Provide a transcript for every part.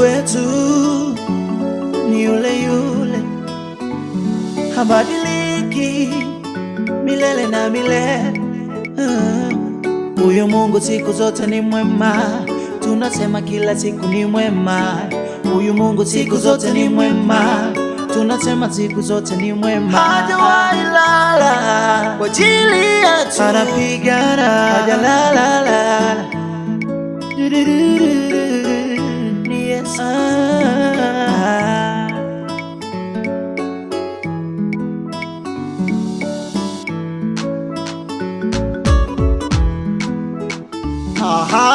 wetu ni yule yule, habadiliki milele na milele. Uh, Huyu Mungu siku zote ni mwema, tunasema kila siku ni mwema. Huyu Mungu siku zote ni mwema, tunasema siku zote ni mwema. Hajawahi lala kwa ajili yetu, anapigana hajalala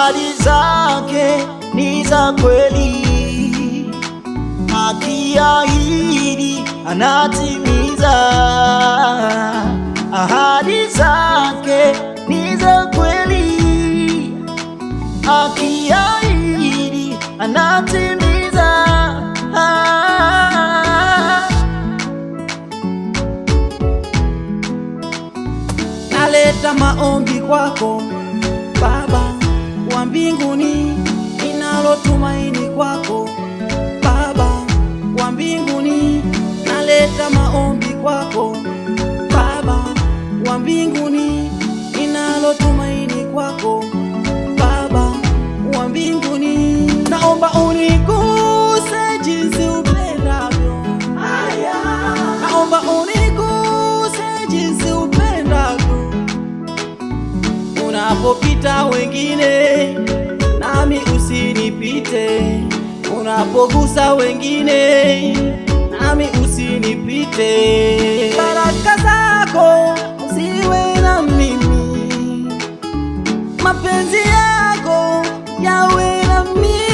ahadi zake ni za kweli, akiahidi anatimiza. Ahadi zake ni za kweli, akiahidi anatimiza. Naleta maombi kwako la mbinguni ninalotumaini kwako Baba wa mbinguni, naleta maombi kwako Baba wa mbinguni ninalotumaini kupita wengine, nami usinipite. Unapogusa wengine, nami usinipite. Baraka zako ziwe na mimi, mapenzi yako yawe na mimi.